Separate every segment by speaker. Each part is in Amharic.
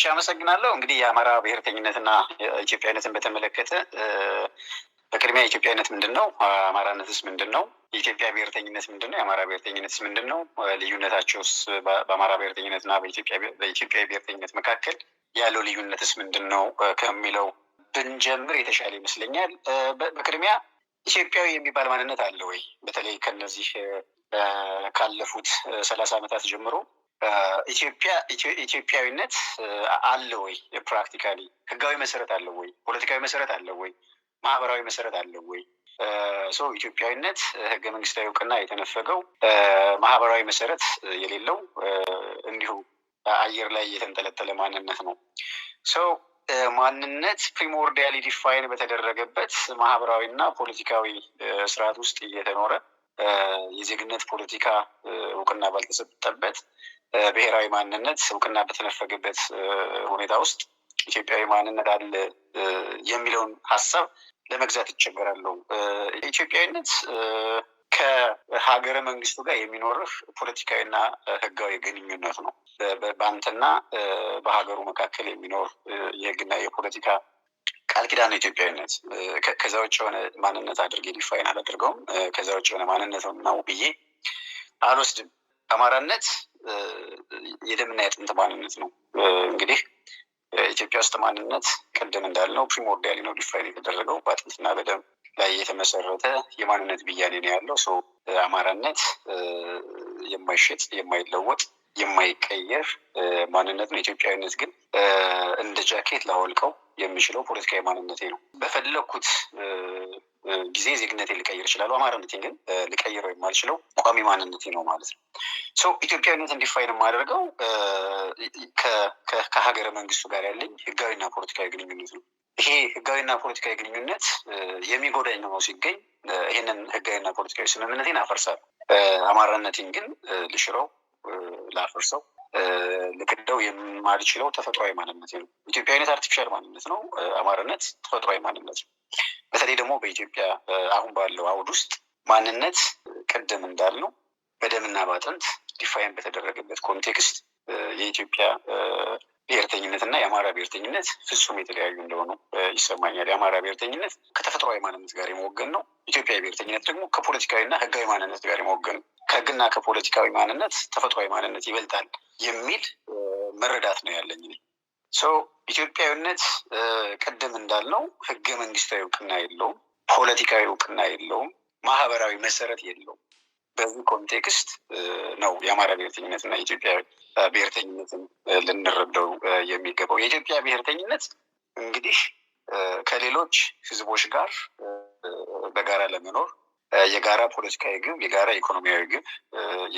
Speaker 1: እሺ አመሰግናለሁ። እንግዲህ የአማራ ብሔርተኝነትና ኢትዮጵያዊነትን በተመለከተ በቅድሚያ የኢትዮጵያዊነት ምንድን ነው? አማራነትስ ምንድን ነው? የኢትዮጵያ ብሔርተኝነት ምንድን ነው? የአማራ ብሔርተኝነትስ ምንድን ነው? ልዩነታቸውስ በአማራ ብሔርተኝነትና በኢትዮጵያ ብሔርተኝነት መካከል ያለው ልዩነትስ ምንድን ነው ከሚለው ብንጀምር የተሻለ ይመስለኛል። በቅድሚያ ኢትዮጵያዊ የሚባል ማንነት አለ ወይ? በተለይ ከነዚህ ካለፉት ሰላሳ ዓመታት ጀምሮ ኢትዮጵያ ኢትዮጵያዊነት አለ ወይ? ፕራክቲካሊ ህጋዊ መሰረት አለው ወይ? ፖለቲካዊ መሰረት አለው ወይ? ማህበራዊ መሰረት አለው ወይ? ሰው ኢትዮጵያዊነት ህገ መንግስታዊ እውቅና የተነፈገው ማህበራዊ መሰረት የሌለው እንዲሁ አየር ላይ የተንጠለጠለ ማንነት ነው። ሰው ማንነት ፕሪሞርዲያሊ ዲፋይን በተደረገበት ማህበራዊ እና ፖለቲካዊ ስርዓት ውስጥ እየተኖረ የዜግነት ፖለቲካ እውቅና ባልተሰጠበት ብሔራዊ ማንነት እውቅና በተነፈገበት ሁኔታ ውስጥ ኢትዮጵያዊ ማንነት አለ የሚለውን ሀሳብ ለመግዛት ይቸገራለሁ። ኢትዮጵያዊነት ከሀገረ መንግስቱ ጋር የሚኖርህ ፖለቲካዊና ህጋዊ ግንኙነት ነው። በአንተና በሀገሩ መካከል የሚኖር የህግና የፖለቲካ ቃል ኪዳን ኢትዮጵያዊነት። ከዛ ውጭ የሆነ ማንነት አድርጌ ዲፋይን አላደርገውም። ከዛ ውጭ የሆነ ማንነት ነው ብዬ አልወስድም። አማራነት የደምና የጥንት ማንነት ነው። እንግዲህ ኢትዮጵያ ውስጥ ማንነት ቅድም እንዳልነው ፕሪሞርዲያሊ ነው ዲፋይን የተደረገው በአጥንትና በደም ላይ የተመሰረተ የማንነት ብያኔ ነው ያለው። ሰው አማራነት የማይሸጥ የማይለወጥ የማይቀየር ማንነት ነው። ኢትዮጵያዊነት ግን እንደ ጃኬት ላወልቀው የሚችለው ፖለቲካዊ ማንነቴ ነው። በፈለግኩት ጊዜ ዜግነቴ ልቀይር እችላለሁ። አማራነቴን ግን ልቀይረው የማልችለው ቋሚ ማንነቴ ነው ማለት ነው። ሰው ኢትዮጵያዊነት እንዲፋይን የማደርገው ከሀገረ መንግስቱ ጋር ያለኝ ህጋዊና ፖለቲካዊ ግንኙነት ነው። ይሄ ህጋዊና ፖለቲካዊ ግንኙነት የሚጎዳኝ ሆኖ ሲገኝ ይህንን ህጋዊና ፖለቲካዊ ስምምነቴን አፈርሳል። አማራነቴን ግን ልሽረው፣ ላፈርሰው፣ ልክደው የማልችለው ተፈጥሯዊ ማንነት ነው። ኢትዮጵያዊነት አርቲፊሻል ማንነት ነው። አማርነት ተፈጥሯዊ ማንነት ነው። በተለይ ደግሞ በኢትዮጵያ አሁን ባለው አውድ ውስጥ ማንነት ቅድም እንዳልነው በደምና በአጥንት ዲፋይን በተደረገበት ኮንቴክስት የኢትዮጵያ ብሔርተኝነት እና የአማራ ብሔርተኝነት ፍጹም የተለያዩ እንደሆኑ ይሰማኛል። የአማራ ብሔርተኝነት ከተፈጥሯዊ ማንነት ጋር የመወገን ነው። ኢትዮጵያ ብሔርተኝነት ደግሞ ከፖለቲካዊና ሕጋዊ ማንነት ጋር የመወገን ነው። ከሕግና ከፖለቲካዊ ማንነት ተፈጥሯዊ ማንነት ይበልጣል የሚል መረዳት ነው ያለኝ። ሰው ኢትዮጵያዊነት ቅድም እንዳልነው ህገ መንግስታዊ እውቅና የለውም፣ ፖለቲካዊ እውቅና የለውም፣ ማህበራዊ መሰረት የለውም። በዚህ ኮንቴክስት ነው የአማራ ብሔርተኝነትና የኢትዮጵያ ብሔርተኝነትን ልንረዳው የሚገባው። የኢትዮጵያ ብሔርተኝነት እንግዲህ ከሌሎች ህዝቦች ጋር በጋራ ለመኖር የጋራ ፖለቲካዊ ግብ፣ የጋራ ኢኮኖሚያዊ ግብ፣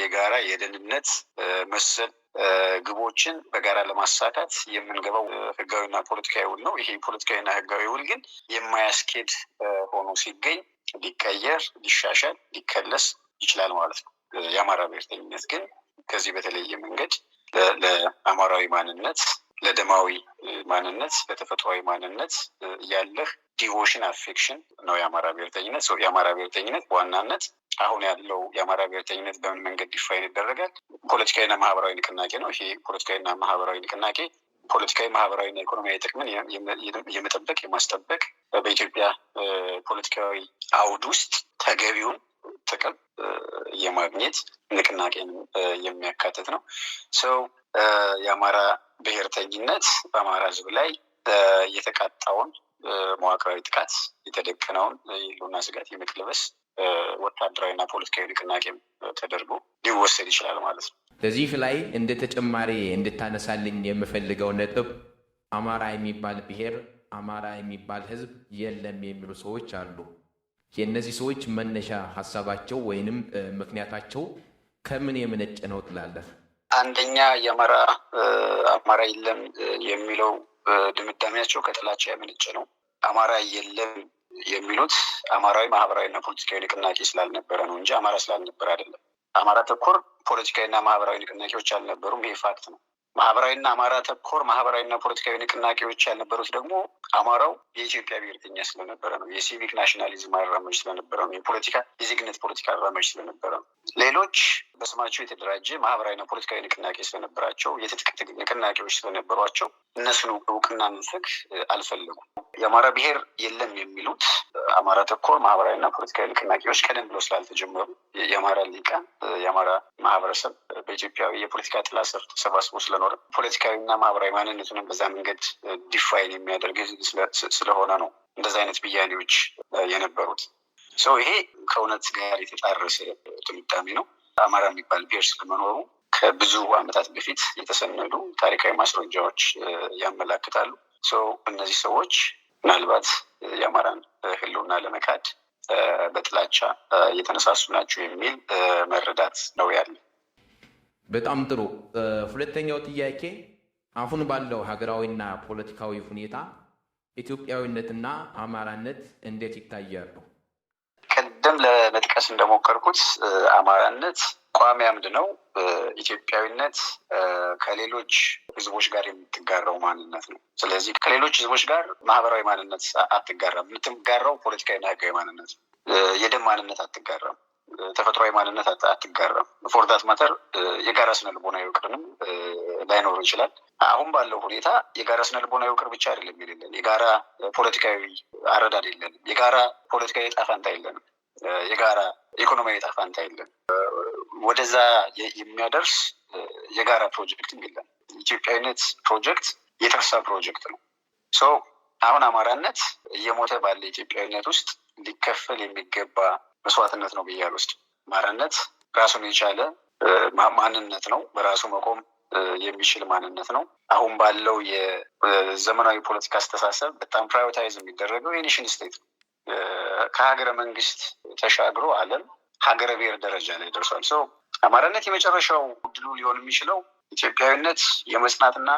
Speaker 1: የጋራ የደህንነት መሰል ግቦችን በጋራ ለማሳካት የምንገባው ህጋዊና ፖለቲካዊ ውል ነው። ይሄ ፖለቲካዊና ህጋዊ ውል ግን የማያስኬድ ሆኖ ሲገኝ ሊቀየር፣ ሊሻሻል፣ ሊከለስ ይችላል ማለት ነው። የአማራ ብሔርተኝነት ግን ከዚህ በተለየ መንገድ ለአማራዊ ማንነት ለደማዊ ማንነት ለተፈጥሯዊ ማንነት ያለህ ዲቮሽን አፌክሽን ነው የአማራ ብሔርተኝነት። የአማራ ብሔርተኝነት በዋናነት አሁን ያለው የአማራ ብሔርተኝነት በምን መንገድ ዲፋይን ይደረጋል? ፖለቲካዊና ማህበራዊ ንቅናቄ ነው። ይሄ ፖለቲካዊና ማህበራዊ ንቅናቄ ፖለቲካዊ፣ ማህበራዊና ኢኮኖሚያዊ ጥቅምን የመጠበቅ የማስጠበቅ በኢትዮጵያ ፖለቲካዊ አውድ ውስጥ ተገቢውን ጥቅም የማግኘት ንቅናቄን የሚያካትት ነው ሰው የአማራ ብሔርተኝነት በአማራ ሕዝብ ላይ የተቃጣውን መዋቅራዊ ጥቃት የተደቀነውን የህልውና ስጋት የመቀልበስ ወታደራዊና ፖለቲካዊ ንቅናቄም ተደርጎ ሊወሰድ ይችላል ማለት ነው።
Speaker 2: በዚህ ላይ እንደ ተጨማሪ እንድታነሳልኝ የምፈልገው ነጥብ አማራ የሚባል ብሔር፣ አማራ የሚባል ህዝብ የለም የሚሉ ሰዎች አሉ። የእነዚህ ሰዎች መነሻ ሀሳባቸው ወይንም ምክንያታቸው ከምን የመነጨ ነው ትላለህ?
Speaker 1: አንደኛ የአማራ አማራ የለም የሚለው ድምዳሜያቸው ከጥላቻ የመነጨ ነው። አማራ የለም የሚሉት አማራዊ ማህበራዊና ፖለቲካዊ ንቅናቄ ስላልነበረ ነው እንጂ አማራ ስላልነበረ አይደለም። አማራ ተኮር ፖለቲካዊና ማህበራዊ ንቅናቄዎች አልነበሩም። ይሄ ፋክት ነው። ማህበራዊና አማራ ተኮር ማህበራዊና ፖለቲካዊ ንቅናቄዎች ያልነበሩት ደግሞ አማራው የኢትዮጵያ ብሔርተኛ ስለነበረ ነው። የሲቪክ ናሽናሊዝም አራማጅ ስለነበረ ነው። የፖለቲካ የዜግነት ፖለቲካ አራማጅ ስለነበረ ነው። ሌሎች በስማቸው የተደራጀ ማህበራዊና ፖለቲካዊ ንቅናቄ ስለነበራቸው የትጥቅ ንቅናቄዎች ስለነበሯቸው እነሱን እውቅና መንፈግ አልፈለጉም። የአማራ ብሔር የለም የሚሉት አማራ ተኮር ማህበራዊና ፖለቲካዊ ንቅናቄዎች ቀደም ብሎ ስላልተጀመሩ የአማራ ሊቃን የአማራ ማህበረሰብ በኢትዮጵያዊ የፖለቲካ ጥላ ስር ተሰባስቦ ስለኖረ ፖለቲካዊና ማህበራዊ ማንነቱንም በዛ መንገድ ዲፋይን የሚያደርግ ስለሆነ ነው እንደዚ አይነት ብያኔዎች የነበሩት ሰው ይሄ ከእውነት ጋር የተጣረሰ ድምዳሜ ነው። አማራ የሚባል ብሔር ስለመኖሩ ከብዙ ዓመታት በፊት የተሰነዱ ታሪካዊ ማስረጃዎች ያመላክታሉ። እነዚህ ሰዎች ምናልባት የአማራን ሕልውና ለመካድ በጥላቻ እየተነሳሱ ናቸው የሚል መረዳት ነው ያለ።
Speaker 2: በጣም ጥሩ። ሁለተኛው ጥያቄ አሁን ባለው ሀገራዊና ፖለቲካዊ ሁኔታ ኢትዮጵያዊነትና አማራነት እንዴት ይታያሉ?
Speaker 1: ቀደም ለመጥቀስ እንደሞከርኩት አማራነት ቋሚ አምድ ነው። ኢትዮጵያዊነት ከሌሎች ህዝቦች ጋር የምትጋራው ማንነት ነው። ስለዚህ ከሌሎች ህዝቦች ጋር ማህበራዊ ማንነት አትጋራም። የምትጋራው ፖለቲካዊና ህጋዊ ማንነት ነው። የደም ማንነት አትጋራም። ተፈጥሯዊ ማንነት አትጋራም። ፎር ዳት ማተር የጋራ ስነ ልቦና ይውቅርንም ላይኖሩ ይችላል። አሁን ባለው ሁኔታ የጋራ ስነ ልቦና ይውቅር ብቻ አይደለም የሌለን፣ የጋራ ፖለቲካዊ አረዳድ የለንም። የጋራ ፖለቲካዊ ጣፋንታ የለንም። የጋራ ኢኮኖሚያዊ ዕጣ ፈንታ የለም። ወደዛ የሚያደርስ የጋራ ፕሮጀክትም የለም። ኢትዮጵያዊነት ፕሮጀክት የተርሳ ፕሮጀክት ነው። ሶ አሁን አማራነት እየሞተ ባለ ኢትዮጵያዊነት ውስጥ ሊከፈል የሚገባ መስዋዕትነት ነው ብያል ውስጥ አማራነት ራሱን የቻለ ማንነት ነው። በራሱ መቆም የሚችል ማንነት ነው። አሁን ባለው የዘመናዊ ፖለቲካ አስተሳሰብ በጣም ፕራይቬታይዝ የሚደረገው የኔሽን ስቴት ነው። ከሀገረ መንግስት ተሻግሮ ዓለም ሀገረ ብሔር ደረጃ ላይ ደርሷል። ሰው አማራነት የመጨረሻው እድሉ ሊሆን የሚችለው ኢትዮጵያዊነት የመጽናትና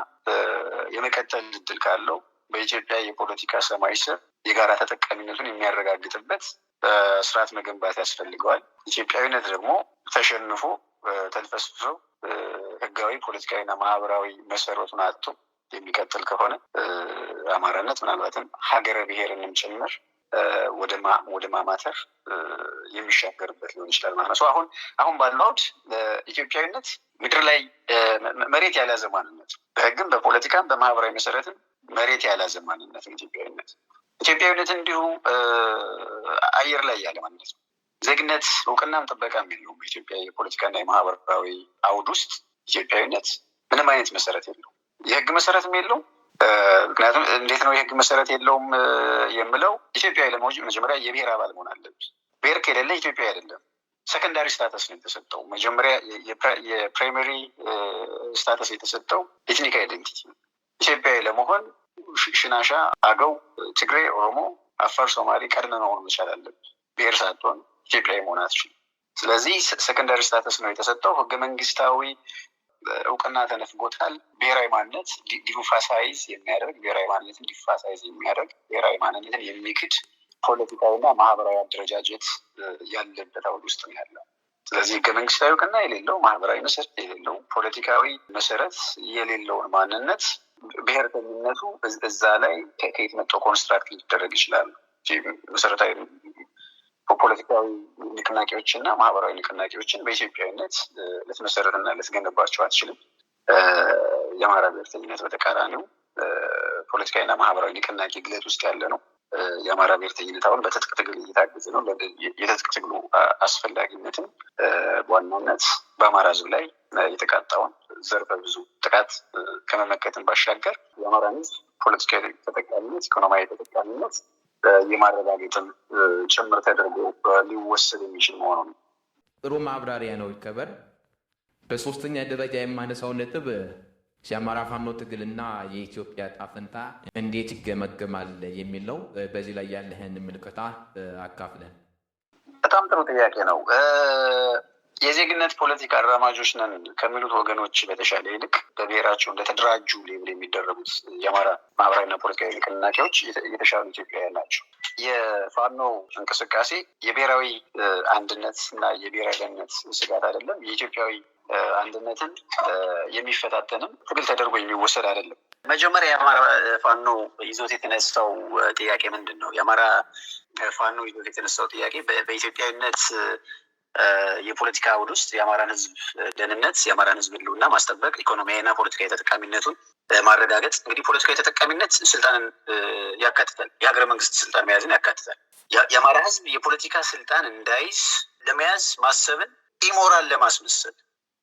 Speaker 1: የመቀጠል እድል ካለው በኢትዮጵያ የፖለቲካ ሰማይ ስር የጋራ ተጠቃሚነቱን የሚያረጋግጥበት ስርዓት መገንባት ያስፈልገዋል። ኢትዮጵያዊነት ደግሞ ተሸንፎ ተልፈስፍሶ ህጋዊ፣ ፖለቲካዊና ማህበራዊ መሰረቱን አጥቶ የሚቀጥል ከሆነ አማራነት ምናልባትም ሀገረ ብሔርንም ጭምር ወደ ማማተር የሚሻገርበት ሊሆን ይችላል ማለት ነው። አሁን አሁን ባለውድ አውድ ኢትዮጵያዊነት ምድር ላይ መሬት ያልያዘ ማንነት በህግም በፖለቲካም በማህበራዊ መሰረትም መሬት ያልያዘ ማንነት ነው ኢትዮጵያዊነት። ኢትዮጵያዊነት እንዲሁ አየር ላይ ያለ ማንነት ነው። ዜግነት እውቅናም ጥበቃም የለውም። በኢትዮጵያ የፖለቲካና የማህበራዊ አውድ ውስጥ ኢትዮጵያዊነት ምንም አይነት መሰረት የለውም። የህግ መሰረትም የለውም ምክንያቱም እንዴት ነው የህግ መሰረት የለውም የምለው ኢትዮጵያዊ ለመሆን መጀመሪያ የብሔር አባል መሆን አለብህ። ብሔር ከሌለ ኢትዮጵያ አይደለም። ሰከንዳሪ ስታተስ ነው የተሰጠው። መጀመሪያ የፕራይመሪ ስታተስ የተሰጠው ኤትኒክ አይደንቲቲ ነው። ኢትዮጵያዊ ለመሆን ሽናሻ፣ አገው፣ ትግሬ፣ ኦሮሞ፣ አፋር፣ ሶማሌ ቀድመ መሆን መቻል አለብህ። ብሔር ሳትሆን ኢትዮጵያዊ መሆን አትችልም። ስለዚህ ሰከንዳሪ ስታተስ ነው የተሰጠው። ህገ መንግስታዊ እውቅና ተነፍጎታል። ብሔራዊ ማንነት ዲፋሳይዝ የሚያደርግ ብሔራዊ ማንነትን ዲፋሳይዝ የሚያደርግ ብሔራዊ ማንነትን የሚክድ ፖለቲካዊና ማህበራዊ አደረጃጀት ያለበት አውድ ውስጥ ነው ያለው። ስለዚህ ህገ መንግስታዊ እውቅና የሌለው ማህበራዊ መሰረት የሌለው ፖለቲካዊ መሰረት የሌለውን ማንነት ብሔርተኝነቱ እዛ ላይ ከየት መጥቶ ኮንስትራክት ሊደረግ ይችላል መሰረታዊ ፖለቲካዊ ንቅናቄዎች እና ማህበራዊ ንቅናቄዎችን በኢትዮጵያዊነት ልትመሰረትና ልትገነባቸው አትችልም። የአማራ ብሔርተኝነት በተቃራኒው ፖለቲካዊና ማህበራዊ ንቅናቄ ግለት ውስጥ ያለ ነው። የአማራ ብሔርተኝነት አሁን በትጥቅ ትግል እየታገዘ ነው። የትጥቅ ትግሉ አስፈላጊነትም በዋናነት በአማራ ህዝብ ላይ የተቃጣውን ዘርፈ ብዙ ጥቃት ከመመከትን ባሻገር የአማራ ህዝብ ፖለቲካዊ ተጠቃሚነት፣ ኢኮኖሚያዊ ተጠቃሚነት የማረጋገጥን ጭምር ተደርጎ ሊወሰድ የሚችል መሆኑ ነው።
Speaker 2: ጥሩ ማብራሪያ ነው ይከበር። በሶስተኛ ደረጃ የማነሳው ነጥብ የአማራ ፋኖ ትግልና የኢትዮጵያ ጣፍንታ እንዴት ይገመገማል የሚል ነው። በዚህ ላይ ያለህን ምልከታ አካፍለን።
Speaker 1: በጣም ጥሩ ጥያቄ ነው። የዜግነት ፖለቲካ አራማጆች ነን ከሚሉት ወገኖች በተሻለ ይልቅ በብሔራቸው እንደተደራጁ ሌብል የሚደረጉት የአማራ ማህበራዊና ፖለቲካዊ ንቅናቄዎች የተሻሉ ኢትዮጵያውያን ናቸው። የፋኖ እንቅስቃሴ የብሔራዊ አንድነት እና የብሔራዊ ደህንነት ስጋት አይደለም። የኢትዮጵያዊ አንድነትን የሚፈታተንም ትግል ተደርጎ የሚወሰድ አይደለም። መጀመሪያ የአማራ ፋኖ ይዞት የተነሳው ጥያቄ ምንድን ነው? የአማራ ፋኖ ይዞት የተነሳው ጥያቄ በኢትዮጵያዊነት የፖለቲካ አውድ ውስጥ የአማራን ህዝብ ደህንነት፣ የአማራን ህዝብ ህልውና ማስጠበቅ፣ ኢኮኖሚያዊና ፖለቲካዊ ተጠቃሚነቱን ማረጋገጥ። እንግዲህ ፖለቲካዊ ተጠቃሚነት ስልጣንን ያካትታል። የሀገረ መንግስት ስልጣን መያዝን ያካትታል። የአማራ ህዝብ የፖለቲካ ስልጣን እንዳይዝ ለመያዝ ማሰብን ኢሞራል ለማስመሰል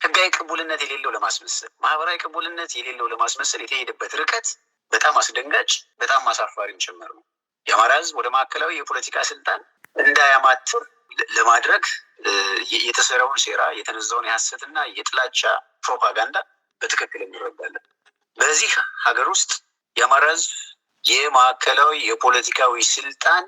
Speaker 1: ህጋዊ ቅቡልነት የሌለው ለማስመሰል ማህበራዊ ቅቡልነት የሌለው ለማስመሰል የተሄደበት ርቀት በጣም አስደንጋጭ፣ በጣም አሳፋሪም ጭምር ነው። የአማራ ህዝብ ወደ ማዕከላዊ የፖለቲካ ስልጣን እንዳያማትር ለማድረግ የተሰራውን ሴራ የተነዛውን የሐሰትና የጥላቻ ፕሮፓጋንዳ በትክክል እንረዳለን። በዚህ ሀገር ውስጥ የአማራ ህዝብ የማዕከላዊ የፖለቲካዊ ስልጣን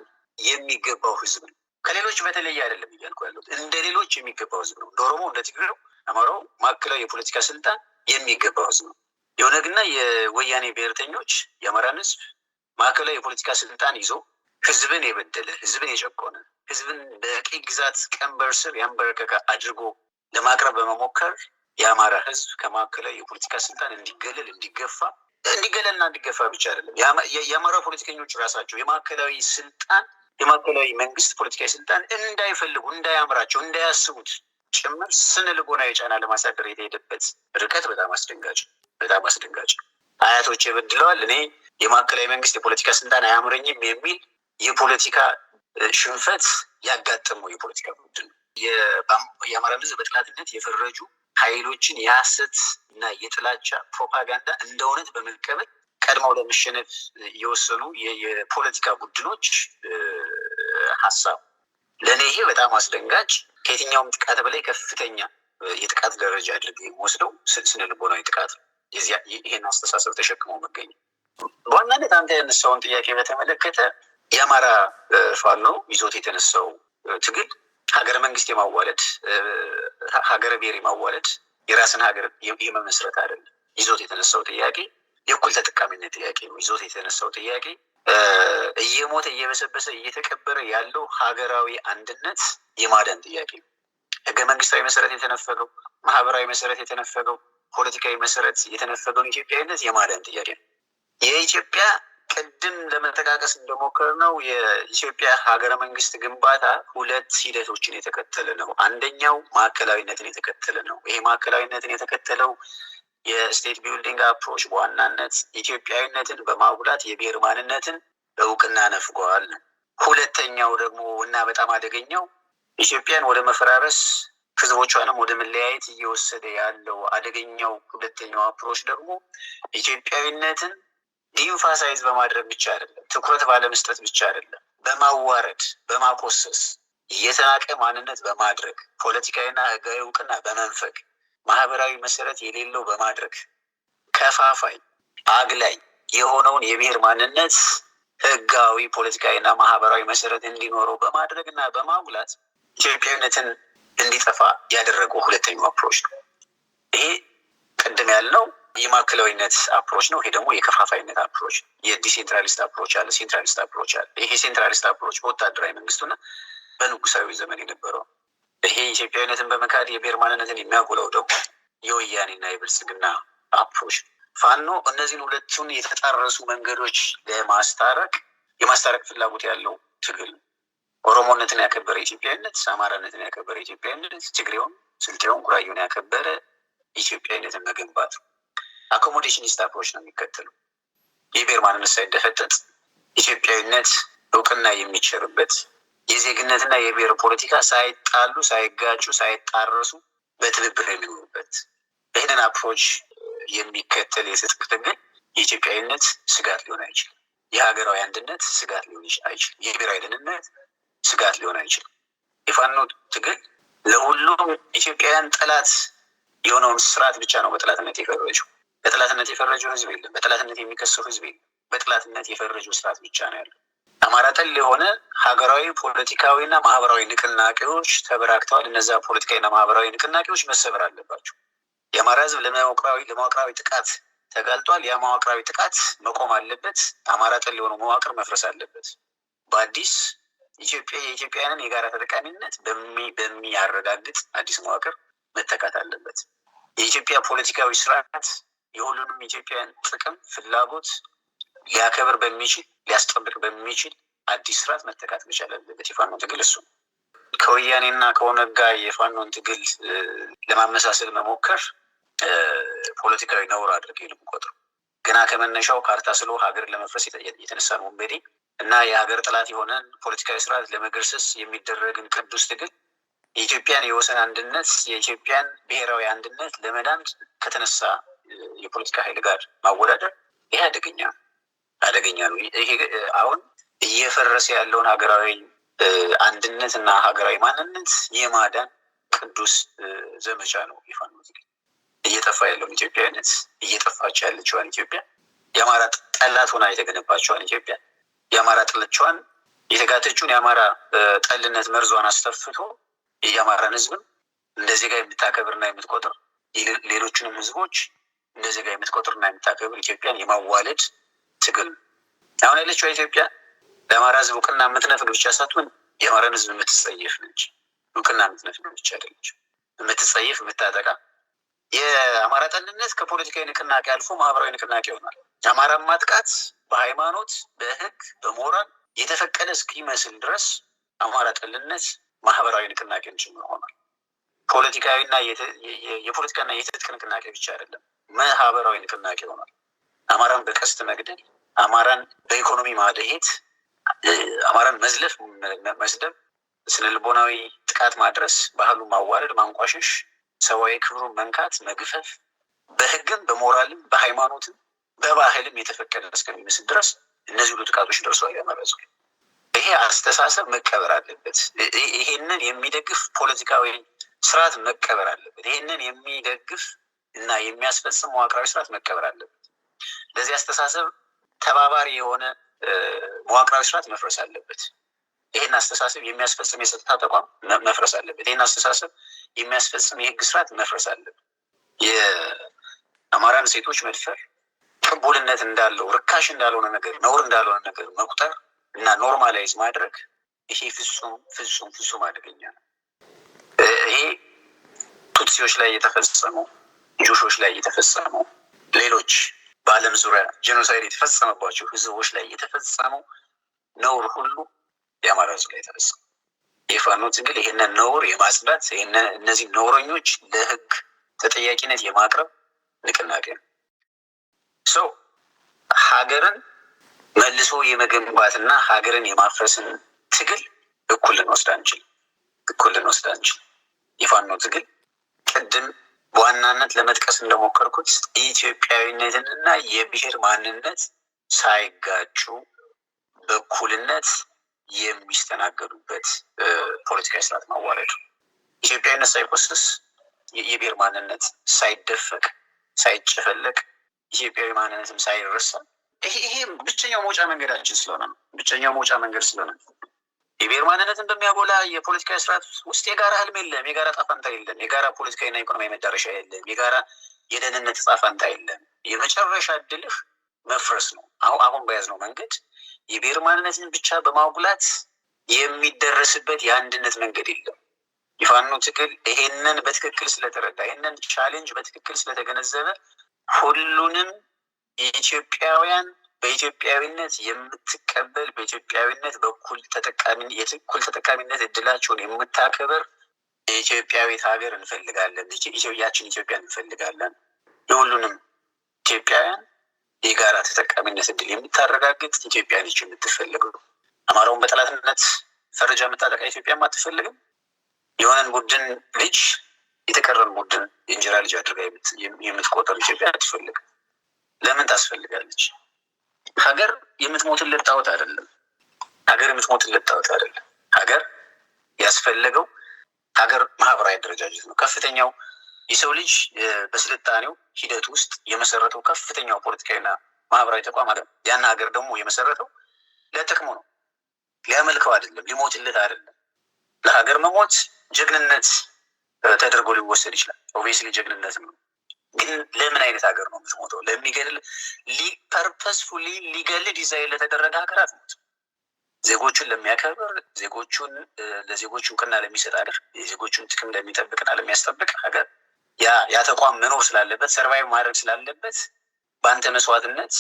Speaker 1: የሚገባው ህዝብ ነው። ከሌሎች በተለየ አይደለም እያልኩ ያለሁት እንደ ሌሎች የሚገባው ህዝብ ነው። እንደ ኦሮሞ፣ እንደ ትግሬው አማራው ማዕከላዊ የፖለቲካ ስልጣን የሚገባው ህዝብ ነው። የኦነግና የወያኔ ብሔርተኞች የአማራን ህዝብ ማዕከላዊ የፖለቲካ ስልጣን ይዞ ህዝብን የበደለ ህዝብን የጨቆነ ህዝብን በቅኝ ግዛት ቀንበር ስር ያንበረከከ አድርጎ ለማቅረብ በመሞከር የአማራ ህዝብ ከማዕከላዊ የፖለቲካ ስልጣን እንዲገለል እንዲገፋ እንዲገለልና እንዲገፋ ብቻ አይደለም የአማራ ፖለቲከኞች ራሳቸው የማዕከላዊ ስልጣን የማዕከላዊ መንግስት ፖለቲካዊ ስልጣን እንዳይፈልጉ እንዳያምራቸው እንዳያስቡት ጭምር ስነ ልቦና ጫና ለማሳደር የተሄደበት ርቀት በጣም አስደንጋጭ በጣም አስደንጋጭ አያቶች የበድለዋል እኔ የማዕከላዊ መንግስት የፖለቲካ ስልጣን አያምረኝም የሚል የፖለቲካ ሽንፈት ያጋጠመው የፖለቲካ ቡድን ነው። የአማራ ሕዝብ በጥላትነት የፈረጁ ኃይሎችን የሐሰት እና የጥላቻ ፕሮፓጋንዳ እንደ እውነት በመቀበል ቀድመው ለመሸነፍ የወሰኑ የፖለቲካ ቡድኖች ሀሳብ ለእኔ ይሄ በጣም አስደንጋጭ ከየትኛውም ጥቃት በላይ ከፍተኛ የጥቃት ደረጃ አድርገ የሚወስደው ስነ ልቦናዊ ጥቃት ነው። ይህን አስተሳሰብ ተሸክመው መገኘ በዋናነት አንተ ያነሳውን ጥያቄ በተመለከተ የአማራ ፋኖ ነው ይዞት የተነሳው ትግል ሀገረ መንግስት የማዋለድ ሀገረ ብሔር የማዋለድ የራስን ሀገር የመመስረት አይደለም። ይዞት የተነሳው ጥያቄ የእኩል ተጠቃሚነት ጥያቄ ነው። ይዞት የተነሳው ጥያቄ እየሞተ እየበሰበሰ እየተቀበረ ያለው ሀገራዊ አንድነት የማዳን ጥያቄ ነው። ህገ መንግስታዊ መሰረት የተነፈገው፣ ማህበራዊ መሰረት የተነፈገው፣ ፖለቲካዊ መሰረት የተነፈገውን ኢትዮጵያዊነት የማዳን ጥያቄ ነው። የኢትዮጵያ ቅድም ለመጠቃቀስ እንደሞከር ነው የኢትዮጵያ ሀገረ መንግስት ግንባታ ሁለት ሂደቶችን የተከተለ ነው። አንደኛው ማዕከላዊነትን የተከተለ ነው። ይሄ ማዕከላዊነትን የተከተለው የስቴት ቢልዲንግ አፕሮች በዋናነት ኢትዮጵያዊነትን በማጉላት የብሔር ማንነትን እውቅና ነፍገዋል። ሁለተኛው ደግሞ እና በጣም አደገኛው ኢትዮጵያን ወደ መፈራረስ ህዝቦቿንም ወደ መለያየት እየወሰደ ያለው አደገኛው ሁለተኛው አፕሮች ደግሞ ኢትዮጵያዊነትን ኢንፋሳይዝ በማድረግ ብቻ አይደለም፣ ትኩረት ባለመስጠት ብቻ አይደለም፣ በማዋረድ በማቆሰስ የተናቀ ማንነት በማድረግ ፖለቲካዊና ሕጋዊ እውቅና በመንፈግ ማህበራዊ መሰረት የሌለው በማድረግ ከፋፋይ አግላይ የሆነውን የብሔር ማንነት ሕጋዊ ፖለቲካዊና ማህበራዊ መሰረት እንዲኖረው በማድረግ እና በማጉላት ኢትዮጵያዊነትን እንዲጠፋ ያደረገው ሁለተኛው አፕሮች ነው። ይሄ ቅድም ያልነው የማዕከላዊነት አፕሮች ነው። ይሄ ደግሞ የከፋፋይነት አፕሮች፣ የዲሴንትራሊስት አፕሮች አለ፣ ሴንትራሊስት አፕሮች አለ። ይሄ ሴንትራሊስት አፕሮች በወታደራዊ መንግስቱና በንጉሳዊ ዘመን የነበረው ይሄ ኢትዮጵያዊነትን በመካድ የብሔር ማንነትን የሚያጎላው ደግሞ የወያኔና የብልጽግና አፕሮች ፋኖ እነዚህን ሁለቱን የተጣረሱ መንገዶች ለማስታረቅ የማስታረቅ ፍላጎት ያለው ትግል ኦሮሞነትን ያከበረ ኢትዮጵያዊነት፣ አማራነትን ያከበረ ኢትዮጵያዊነት፣ ትግሬውን፣ ስልጤውን፣ ጉራጌውን ያከበረ ኢትዮጵያዊነትን መገንባት ነው። አኮሞዴሽኒስት አፕሮች ነው የሚከተሉ። ማንነት ሳይደፈጠጥ ኢትዮጵያዊነት እውቅና የሚቸርበት የዜግነትና የብሔር ፖለቲካ ሳይጣሉ፣ ሳይጋጩ፣ ሳይጣረሱ በትብብር የሚኖሩበት ይህንን አፕሮች የሚከተል የትጥቅ ትግል የኢትዮጵያዊነት ስጋት ሊሆን አይችልም። የሀገራዊ አንድነት ስጋት ሊሆን አይችልም። የብሔራዊ ደህንነት ስጋት ሊሆን አይችልም። የፋኖ ትግል ለሁሉም ኢትዮጵያውያን ጠላት የሆነውን ስርዓት ብቻ ነው በጠላትነት የፈረጀው። በጥላትነት የፈረጀው ህዝብ የለም። በጥላትነት የሚከሰሩ ህዝብ የለም። በጥላትነት የፈረጀው ስርዓት ብቻ ነው ያለው። አማራ ጠል የሆነ ሀገራዊ ፖለቲካዊና ማህበራዊ ንቅናቄዎች ተበራክተዋል። እነዛ ፖለቲካዊና ማህበራዊ ንቅናቄዎች መሰበር አለባቸው። የአማራ ህዝብ ለመዋቅራዊ ጥቃት ተጋልጧል። ያ መዋቅራዊ ጥቃት መቆም አለበት። አማራ ጠል የሆነው መዋቅር መፍረስ አለበት። በአዲስ ኢትዮጵያ የኢትዮጵያውያንን የጋራ ተጠቃሚነት በሚያረጋግጥ አዲስ መዋቅር መተካት አለበት። የኢትዮጵያ ፖለቲካዊ ስርዓት የሁሉንም ኢትዮጵያውያን ጥቅም ፍላጎት ሊያከብር በሚችል ሊያስጠብቅ በሚችል አዲስ ስርዓት መተካት መቻል አለበት። የፋኖ ትግል እሱ ከወያኔና ከኦነግ የፋኖን ትግል ለማመሳሰል መሞከር ፖለቲካዊ ነውር አድርጌ ነው የምቆጥረው። ገና ከመነሻው ካርታ ስሎ ሀገር ለመፍረስ የተነሳ ነው ወንበዴ እና የሀገር ጠላት የሆነን ፖለቲካዊ ስርዓት ለመገርሰስ የሚደረግን ቅዱስ ትግል የኢትዮጵያን የወሰን አንድነት የኢትዮጵያን ብሔራዊ አንድነት ለመዳን ከተነሳ የፖለቲካ ኃይል ጋር ማወዳደር ይሄ አደገኛ አደገኛ ነው። ይሄ አሁን እየፈረሰ ያለውን ሀገራዊ አንድነት እና ሀገራዊ ማንነት የማዳን ቅዱስ ዘመቻ ነው። ይፋን እየጠፋ ያለውን ኢትዮጵያዊነት እየጠፋች ያለችዋን ኢትዮጵያ የአማራ ጠላት ሆና የተገነባቸዋን ኢትዮጵያ የአማራ ጥላቻዋን የተጋተችውን የአማራ ጠልነት መርዟን አስተፍቶ የአማራን ሕዝብን እንደ ዜጋ የምታከብርና የምትቆጥር ሌሎችንም ህዝቦች እንደ ዜጋ የምትቆጥርና የምታከብር ኢትዮጵያን የማዋለድ ትግል ነው። አሁን ያለችው ኢትዮጵያ ለአማራ ሕዝብ እውቅና የምትነፍግ ብቻ ሳትሆን የአማራን ሕዝብ የምትጸየፍ ነች። እውቅና የምትነፍግ ብቻ አይደለችም፣ የምትጸየፍ የምታጠቃ። የአማራ ጠንነት ከፖለቲካዊ ንቅናቄ አልፎ ማህበራዊ ንቅናቄ ይሆናል። የአማራን ማጥቃት በሃይማኖት፣ በህግ፣ በሞራል የተፈቀደ እስኪመስል ድረስ አማራ ጠልነት ማህበራዊ ንቅናቄን ጭምር ሆኗል። ፖለቲካዊና የፖለቲካና የትጥቅ ንቅናቄ ብቻ አይደለም። ማህበራዊ ንቅናቄ ሆኗል። አማራን በቀስት መግደል፣ አማራን በኢኮኖሚ ማደሄት፣ አማራን መዝለፍ፣ መስደብ፣ ስነ ልቦናዊ ጥቃት ማድረስ፣ ባህሉን ማዋረድ፣ ማንቋሸሽ፣ ሰብአዊ ክብሩን መንካት፣ መግፈፍ በህግም በሞራልም በሃይማኖትም በባህልም የተፈቀደ እስከሚመስል ድረስ እነዚህ ሁሉ ጥቃቶች ደርሰዋል። ያመረጹ ይሄ አስተሳሰብ መቀበር አለበት። ይሄንን የሚደግፍ ፖለቲካዊ ስርዓት መቀበር አለበት። ይሄንን የሚደግፍ እና የሚያስፈጽም መዋቅራዊ ስርዓት መቀበር አለበት። ለዚህ አስተሳሰብ ተባባሪ የሆነ መዋቅራዊ ስርዓት መፍረስ አለበት። ይህን አስተሳሰብ የሚያስፈጽም የጸጥታ ተቋም መፍረስ አለበት። ይህን አስተሳሰብ የሚያስፈጽም የህግ ስርዓት መፍረስ አለበት። የአማራን ሴቶች መድፈር ቅቡልነት እንዳለው ርካሽ እንዳልሆነ ነገር ነውር እንዳልሆነ ነገር መቁጠር እና ኖርማላይዝ ማድረግ ይሄ ፍጹም ፍጹም ፍጹም አደገኛ ነው። ይሄ ቱትሲዎች ላይ የተፈጸመው ጁሾች ላይ የተፈጸሙ ሌሎች በዓለም ዙሪያ ጄኖሳይድ የተፈጸመባቸው ህዝቦች ላይ የተፈጸመው ነውር ሁሉ የአማራ ህዝብ ላይ የተፈጸመ የፋኖ ትግል ይህንን ነውር የማጽዳት እነዚህ ነውረኞች ለህግ ተጠያቂነት የማቅረብ ንቅናቄ ነው። ሰው ሀገርን መልሶ የመገንባትና ሀገርን የማፍረስን ትግል እኩል ልንወስድ አንችል እኩል ልንወስድ አንችል የፋኖ ትግል ቅድም በዋናነት ለመጥቀስ እንደሞከርኩት ኢትዮጵያዊነትንና የብሔር ማንነት ሳይጋጩ በኩልነት የሚስተናገዱበት ፖለቲካዊ ስርዓት ማዋለዱ ኢትዮጵያዊነት ሳይቆስስ የብሔር ማንነት ሳይደፈቅ ሳይጨፈለቅ ኢትዮጵያዊ ማንነትም ሳይረሳ ይሄ ብቸኛው መውጫ መንገዳችን ስለሆነ ነው። ብቸኛው መውጫ መንገድ ስለሆነ የብሔር ማንነትን በሚያጎላ የፖለቲካዊ ስርዓት ውስጥ የጋራ ህልም የለም፣ የጋራ ጣፋንታ የለም፣ የጋራ ፖለቲካዊና ኢኮኖሚ መዳረሻ የለም፣ የጋራ የደህንነት ጣፋንታ የለም። የመጨረሻ እድልህ መፍረስ ነው። አሁን አሁን በያዝነው መንገድ የብሔር ማንነትን ብቻ በማጉላት የሚደረስበት የአንድነት መንገድ የለም። የፋኖ ትግል ይሄንን በትክክል ስለተረዳ ይሄንን ቻሌንጅ በትክክል ስለተገነዘበ ሁሉንም የኢትዮጵያውያን በኢትዮጵያዊነት የምትቀበል በኢትዮጵያዊነት በኩል የእኩል ተጠቃሚነት እድላቸውን የምታከብር የኢትዮጵያዊት ሀገር እንፈልጋለን። ያችን ኢትዮጵያ እንፈልጋለን። የሁሉንም ኢትዮጵያውያን የጋራ ተጠቃሚነት እድል የምታረጋግጥ ኢትዮጵያ ነች የምትፈልገው። አማራውን በጠላትነት ፈረጃ የምታጠቃ ኢትዮጵያም አትፈልግም። የሆነን ቡድን ልጅ የተቀረን ቡድን የእንጀራ ልጅ አድርጋ የምትቆጠር ኢትዮጵያ አትፈልግም። ለምን ታስፈልጋለች? ሀገር የምትሞትለት ጣዖት አይደለም። ሀገር የምትሞትለት ጣዖት አይደለም። ሀገር ያስፈለገው ሀገር ማህበራዊ አደረጃጀት ነው። ከፍተኛው የሰው ልጅ በስልጣኔው ሂደት ውስጥ የመሰረተው ከፍተኛው ፖለቲካዊና ማህበራዊ ተቋም አለ። ያን ሀገር ደግሞ የመሰረተው ለጥቅሙ ነው። ሊያመልከው አይደለም፣ ሊሞትለት አይደለም። ለሀገር መሞት ጀግንነት ተደርጎ ሊወሰድ ይችላል። ኦብቪየስሊ ጀግንነት ነው። ግን ለምን አይነት ሀገር ነው የምትሞተው? ለሚገድል ፐርፐስፉሊ ሊገል ዲዛይን ለተደረገ ሀገር አትሞት። ዜጎቹን ለሚያከብር ዜጎቹን ለዜጎቹ እውቅና ለሚሰጥ ሀገር የዜጎቹን ጥቅም ለሚጠብቅና ለሚያስጠብቅ ሀገር ያ ተቋም መኖር ስላለበት ሰርቫይቭ ማድረግ ስላለበት በአንተ መስዋዕትነት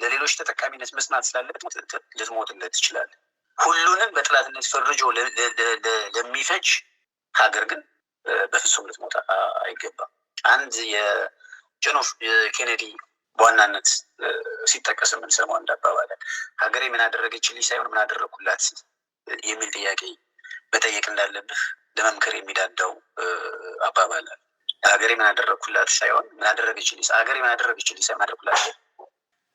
Speaker 1: ለሌሎች ተጠቃሚነት መስናት ስላለበት ልትሞትለት ትችላለህ። ሁሉንም በጥላትነት ፈርጆ ለሚፈጅ ሀገር ግን በፍጹም ልትሞት አይገባም። አንድ የጆን ኤፍ ኬኔዲ በዋናነት ሲጠቀስ የምንሰማው እንዳባባለን ሀገሬ ምን አደረገችልኝ ሳይሆን ምን አደረግኩላት የሚል ጥያቄ መጠየቅ እንዳለብህ ለመምከር የሚዳዳው አባባለ ሀገሬ ምን አደረግኩላት ሳይሆን ምን አደረገችልኝ፣ ሀገሬ ምን አደረገችልኝ ሳይሆን አደረግኩላት።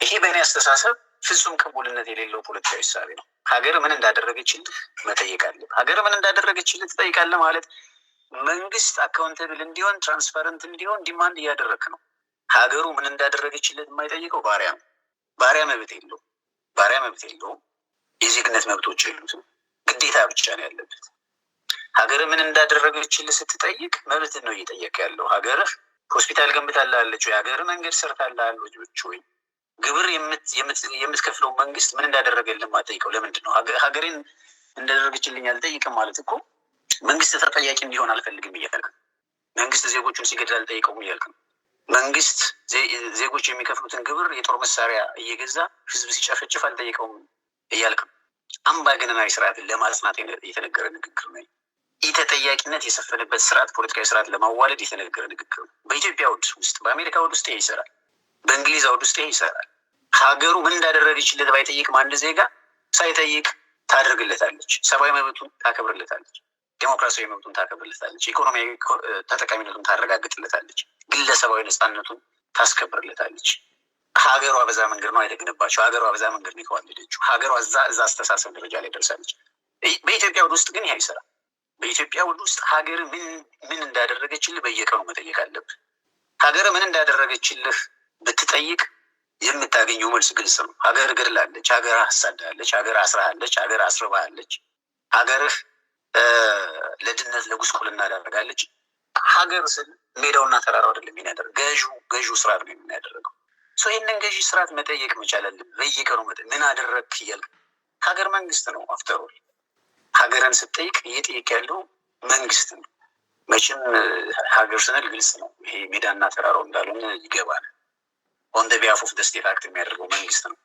Speaker 1: ይሄ በእኔ አስተሳሰብ ፍጹም ቅቡልነት የሌለው ፖለቲካዊ እሳቤ ነው። ሀገር ምን እንዳደረገችልህ መጠየቅ አለብህ። ሀገር ምን እንዳደረገችልህ ትጠይቃለህ ማለት መንግስት አካውንተብል እንዲሆን ትራንስፓረንት እንዲሆን ዲማንድ እያደረግ ነው። ሀገሩ ምን እንዳደረገችለት የማይጠይቀው ባሪያ ነው። ባሪያ መብት የለውም። ባሪያ መብት የለውም። የዜግነት መብቶች የሉትም። ግዴታ ብቻ ነው ያለበት። ሀገር ምን እንዳደረገችልህ ስትጠይቅ መብት ነው እየጠየቀ ያለው። ሀገርህ ሆስፒታል ገንብታላለች ወይ? ሀገር መንገድ ሰርታላለች ወይ? ግብር የምትከፍለው መንግስት ምን እንዳደረገልን ማጠይቀው ለምንድን ነው? ሀገሬን እንዳደረገችልኝ አልጠይቅም ማለት እኮ መንግስት ተጠያቂ እንዲሆን አልፈልግም እያልክ ነው። መንግስት ዜጎቹን ሲገድል አልጠይቀውም እያልክ ነው። መንግስት ዜጎች የሚከፍሉትን ግብር የጦር መሳሪያ እየገዛ ህዝብ ሲጨፈጭፍ አልጠይቀውም እያልክ ነው። አምባገነናዊ ስርዓትን ለማጽናት የተነገረ ንግግር ነው። ይህ ተጠያቂነት የሰፈነበት ስርዓት ፖለቲካዊ ስርዓት ለማዋለድ የተነገረ ንግግር ነው። በኢትዮጵያ ውድ ውስጥ፣ በአሜሪካ ውድ ውስጥ ይሰራል። በእንግሊዝ አውድ ውስጥ ይሰራል። ሀገሩ ምን ይችለት ባይጠይቅም አንድ ዜጋ ሳይጠይቅ ታደርግለታለች፣ ሰብአዊ መብቱን ታከብርለታለች። ዲሞክራሲያዊ መብቱን ታከብርለታለች፣ ኢኮኖሚያዊ ተጠቃሚነቱን ታረጋግጥለታለች፣ ግለሰባዊ ነፃነቱን ታስከብርለታለች። ሀገሯ በዛ መንገድ ነው አይደግንባቸው። ሀገሯ በዛ መንገድ ነው የተዋለደችው። ሀገሯ እዛ እዛ አስተሳሰብ ደረጃ ላይ ደርሳለች። በኢትዮጵያ ውድ ውስጥ ግን ይህ አይሰራ። በኢትዮጵያ ውስጥ ሀገር ምን ምን እንዳደረገችልህ በየቀኑ መጠየቅ አለብህ። ሀገር ምን እንዳደረገችልህ ብትጠይቅ የምታገኘው መልስ ግልጽ ነው። ሀገር ገድላለች፣ ሀገር አሳዳለች፣ ሀገር አስራሃለች፣ ሀገር አስርባሃለች፣ ሀገርህ ለድነት ለጉስቁልና ዳረጋለች። ሀገር ስል ሜዳውና ተራራው አይደለም የሚያደርግ ገዢ ገዢ ስርዓት ነው የሚያደርገው። ይህንን ገዢ ስርዓት መጠየቅ መቻል አለብን። በየቀኑ መጠ ምን አደረግ እያል ሀገር መንግስት ነው አፍተሮ ሀገርን ስጠይቅ እየጠየቅ ያለው መንግስት ነው። መቼም ሀገር ስንል ግልጽ ነው፣ ይሄ ሜዳና ተራራው እንዳልሆነ ይገባል። ኦን ደ ኦፍ አክት የሚያደርገው መንግስት ነው።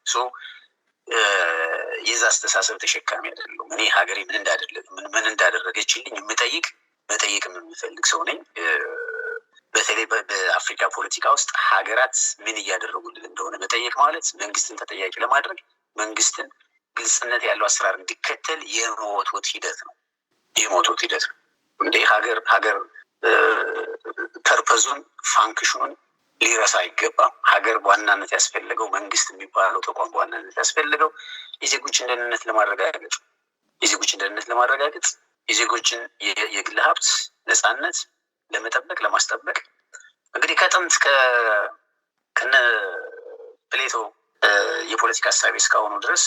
Speaker 1: የዛ አስተሳሰብ ተሸካሚ አይደለሁም። እኔ ሀገሬ ምን ምን እንዳደረገችልኝ የምጠይቅ መጠየቅ የምፈልግ ሰው ነኝ። በተለይ በአፍሪካ ፖለቲካ ውስጥ ሀገራት ምን እያደረጉልን እንደሆነ መጠየቅ ማለት መንግስትን ተጠያቂ ለማድረግ መንግስትን ግልጽነት ያለው አሰራር እንዲከተል የመወትወት ሂደት ነው። የመወትወት ሂደት ነው እንደ ሀገር ሀገር ፐርፐዙን ፋንክሽኑን ሊረሳ አይገባም። ሀገር በዋናነት ያስፈልገው መንግስት የሚባለው ተቋም በዋናነት ያስፈልገው የዜጎችን ደህንነት ለማረጋገጥ የዜጎችን ደህንነት ለማረጋገጥ የዜጎችን የግል ሀብት ነፃነት ለመጠበቅ ለማስጠበቅ እንግዲህ ከጥንት ከነ ፕሌቶ የፖለቲካ ሀሳቢ እስካሁኑ ድረስ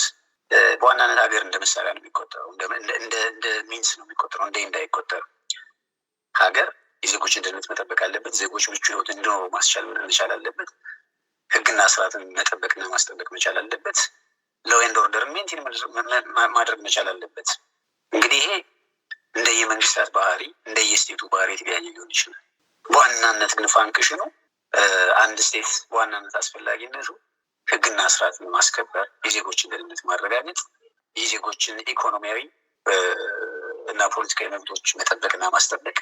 Speaker 1: በዋናነት ሀገር እንደ መሳሪያ ነው የሚቆጠረው፣ እንደ ሚንስ ነው የሚቆጠረው፣ እንደ እንዳይቆጠር ሀገር የዜጎችን ደህንነት መጠበቅ አለበት። ዜጎች ምቹ ህይወት እንዲኖሩ ማስቻል መቻል አለበት። ህግና ስርዓትን መጠበቅና ማስጠበቅ መቻል አለበት። ሎው ኤንድ ኦርደር ሜንቴን ማድረግ መቻል አለበት። እንግዲህ ይሄ እንደየመንግስታት ባህሪ እንደየስቴቱ ባህሪ የተለያየ ሊሆን ይችላል። በዋናነት ግን ፋንክሽኑ አንድ ስቴት በዋናነት አስፈላጊነቱ ህግና ስርዓትን ማስከበር፣ የዜጎችን ደህንነት ማረጋገጥ፣ የዜጎችን ኢኮኖሚያዊ እና ፖለቲካዊ መብቶች መጠበቅና ማስጠበቅ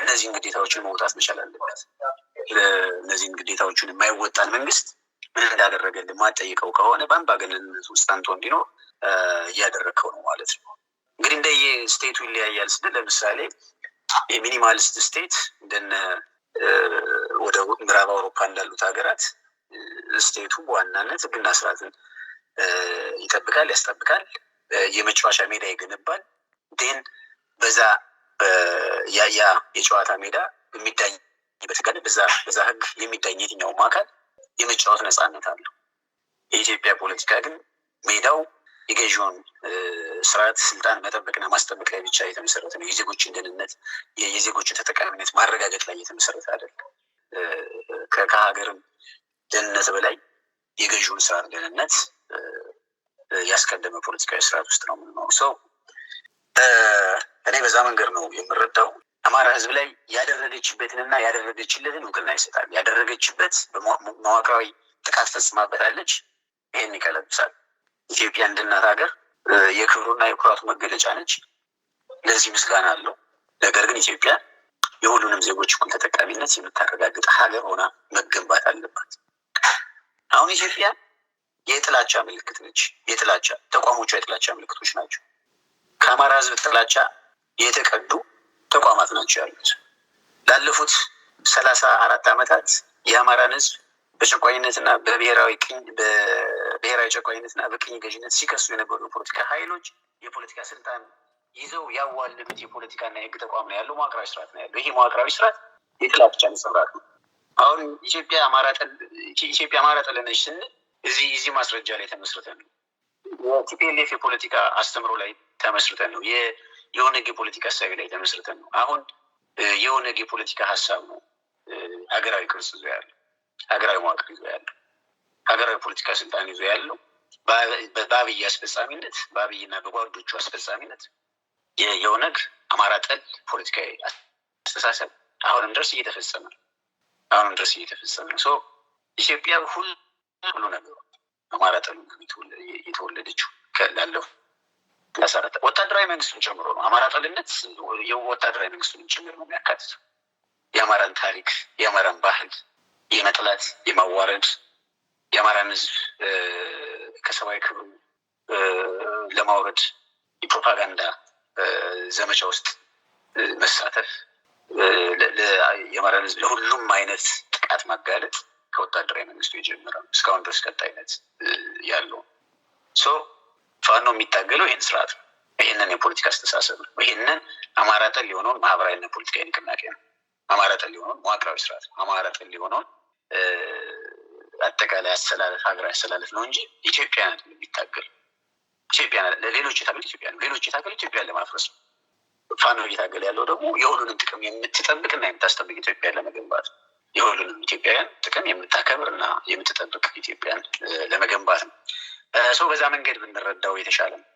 Speaker 1: እነዚህን ግዴታዎችን መውጣት መቻል አለበት። እነዚህን ግዴታዎችን የማይወጣን መንግስት ምን እንዳደረገልን የማጠይቀው ከሆነ በአምባገነንነት ውስጥ አንቶ እንዲኖር እያደረግከው ነው ማለት ነው። እንግዲህ እንደየ ስቴቱ ይለያያል ስል ለምሳሌ የሚኒማሊስት ስቴት እንደነ ወደ ምዕራብ አውሮፓ እንዳሉት ሀገራት ስቴቱ በዋናነት ህግና ስርዓትን ይጠብቃል፣ ያስጠብቃል፣ የመጫወቻ ሜዳ ይገነባል ን በዛ ያ የጨዋታ ሜዳ የሚዳኝበት ቀን በዛ ህግ የሚዳኝ የትኛውም አካል የመጫወት ነፃነት አለው። የኢትዮጵያ ፖለቲካ ግን ሜዳው የገዥውን ስርዓት ስልጣን መጠበቅና ማስጠበቅ ላይ ብቻ የተመሰረተ ነው። የዜጎችን ደህንነት፣ የዜጎችን ተጠቃሚነት ማረጋገጥ ላይ የተመሰረተ አይደለም። ከሀገርም ደህንነት በላይ የገዥውን ስርዓት ደህንነት ያስቀደመ ፖለቲካዊ ስርዓት ውስጥ ነው የምንኖረው ሰው እኔ በዛ መንገድ ነው የምረዳው። አማራ ህዝብ ላይ ያደረገችበትንና ያደረገችለትን እውቅና ይሰጣል። ያደረገችበት መዋቅራዊ ጥቃት ፈጽማበታለች። ይህን ይቀለብሳል። ኢትዮጵያ እንድናት ሀገር የክብሩና የኩራቱ መገለጫ ነች። ለዚህ ምስጋና አለው። ነገር ግን ኢትዮጵያ የሁሉንም ዜጎች እኩል ተጠቃሚነት የምታረጋግጥ ሀገር ሆና መገንባት አለባት። አሁን ኢትዮጵያ የጥላቻ ምልክት ነች። የጥላቻ ተቋሞቿ የጥላቻ ምልክቶች ናቸው። ከአማራ ህዝብ ጥላቻ የተቀዱ ተቋማት ናቸው ያሉት። ላለፉት ሰላሳ አራት ዓመታት የአማራን ህዝብ በጨቋኝነትና በብሔራዊ በብሔራዊ ጨቋኝነትና በቅኝ ገዥነት ሲከሱ የነበሩ የፖለቲካ ኃይሎች የፖለቲካ ስልጣን ይዘው ያዋልሉት የፖለቲካና የህግ ተቋም ነው ያለው። መዋቅራዊ ስርዓት ነው ያለው። ይሄ መዋቅራዊ ስርዓት የጥላቻ ነጸብራቅ ነው። አሁን ኢትዮጵያ አማራ ጠል ጠለነች ስንል እዚህ እዚህ ማስረጃ ላይ ተመስርተን ነው። ቲፒኤልኤፍ የፖለቲካ አስተምሮ ላይ ተመስርተን ነው የኦነግ የፖለቲካ ሀሳቢ ላይ ተመስርተን ነው። አሁን የኦነግ የፖለቲካ ሀሳብ ነው ሀገራዊ ቅርጽ ይዞ ያለው ሀገራዊ መዋቅር ይዞ ያለው ሀገራዊ ፖለቲካ ስልጣን ይዞ ያለው በአብይ አስፈጻሚነት በአብይና በጓዶቹ አስፈጻሚነት የኦነግ አማራ ጠል ፖለቲካዊ አስተሳሰብ አሁንም ድረስ እየተፈጸመ ነው። አሁንም ድረስ እየተፈጸመ ነው። ኢትዮጵያ ሁሉ ነገሩ አማራ ጠል የተወለደችው ላለፉ መሰረተ ወታደራዊ መንግስቱን ጨምሮ ነው። አማራ ጠልነት ወታደራዊ መንግስቱን ጭምር ነው የሚያካትተው። የአማራን ታሪክ፣ የአማራን ባህል የመጥላት የማዋረድ የአማራን ህዝብ ከሰብአዊ ክብሩ ለማውረድ የፕሮፓጋንዳ ዘመቻ ውስጥ መሳተፍ፣ የአማራን ህዝብ ለሁሉም አይነት ጥቃት ማጋለጥ ከወታደራዊ መንግስቱ የጀመረ ነው። እስካሁን ድረስ ቀጣይነት ያለው ፋኖ የሚታገለው ይህን ስርዓት ነው። ይህንን የፖለቲካ አስተሳሰብ ነው። ይህንን አማራ ጠል የሆነውን ማህበራዊና ፖለቲካዊ ንቅናቄ ነው። አማራ ጠል የሆነውን መዋቅራዊ ስርዓት ነው። አማራ ጠል የሆነውን አጠቃላይ አሰላለፍ፣ ሀገራዊ አሰላለፍ ነው እንጂ ኢትዮጵያ አይደለም የሚታገል ኢትዮጵያ ሌሎች የታገል ኢትዮጵያ ነው። ሌሎች የታገል ኢትዮጵያን ለማፍረስ ነው። ፋኖ እየታገል ያለው ደግሞ የሁሉንም ጥቅም የምትጠብቅና የምታስጠብቅ ኢትዮጵያን ለመገንባት የሁሉንም ኢትዮጵያውያን ጥቅም የምታከብር እና የምትጠብቅ ኢትዮጵያን ለመገንባት ነው። ሰው በዛ መንገድ ብንረዳው የተሻለ ነው።